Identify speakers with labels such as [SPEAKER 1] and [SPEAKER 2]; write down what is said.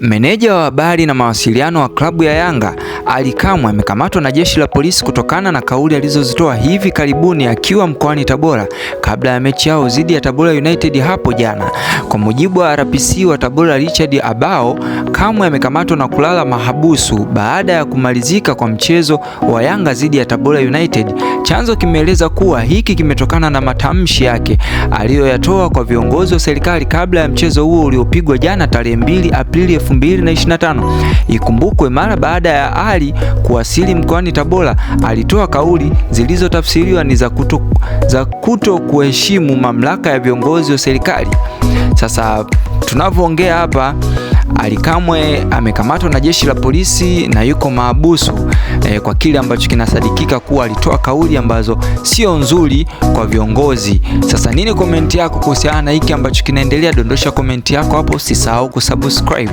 [SPEAKER 1] Meneja wa habari na mawasiliano wa klabu ya Yanga Ali Kamwe amekamatwa na jeshi la polisi kutokana na kauli alizozitoa hivi karibuni akiwa mkoani Tabora kabla ya mechi yao dhidi ya Tabora United hapo jana. Kwa mujibu wa RPC wa Tabora Richard Abao, Kamwe amekamatwa na kulala mahabusu baada ya kumalizika kwa mchezo wa Yanga dhidi ya Tabora United. Chanzo kimeeleza kuwa hiki kimetokana na matamshi yake aliyoyatoa kwa viongozi wa serikali kabla ya mchezo huo uliopigwa jana tarehe 2 Aprili 2025. Ikumbukwe mara baada ya Ali kuwasili mkoani Tabora, alitoa kauli zilizotafsiriwa ni za kuto, za kuto kuheshimu mamlaka ya viongozi wa serikali. Sasa tunavyoongea hapa alikamwe Kamwe amekamatwa na jeshi la polisi na yuko maabusu eh, kwa kile ambacho kinasadikika kuwa alitoa kauli ambazo sio nzuri kwa viongozi. Sasa nini komenti yako kuhusiana na hiki ambacho kinaendelea? Dondosha komenti yako hapo, usisahau kusubscribe.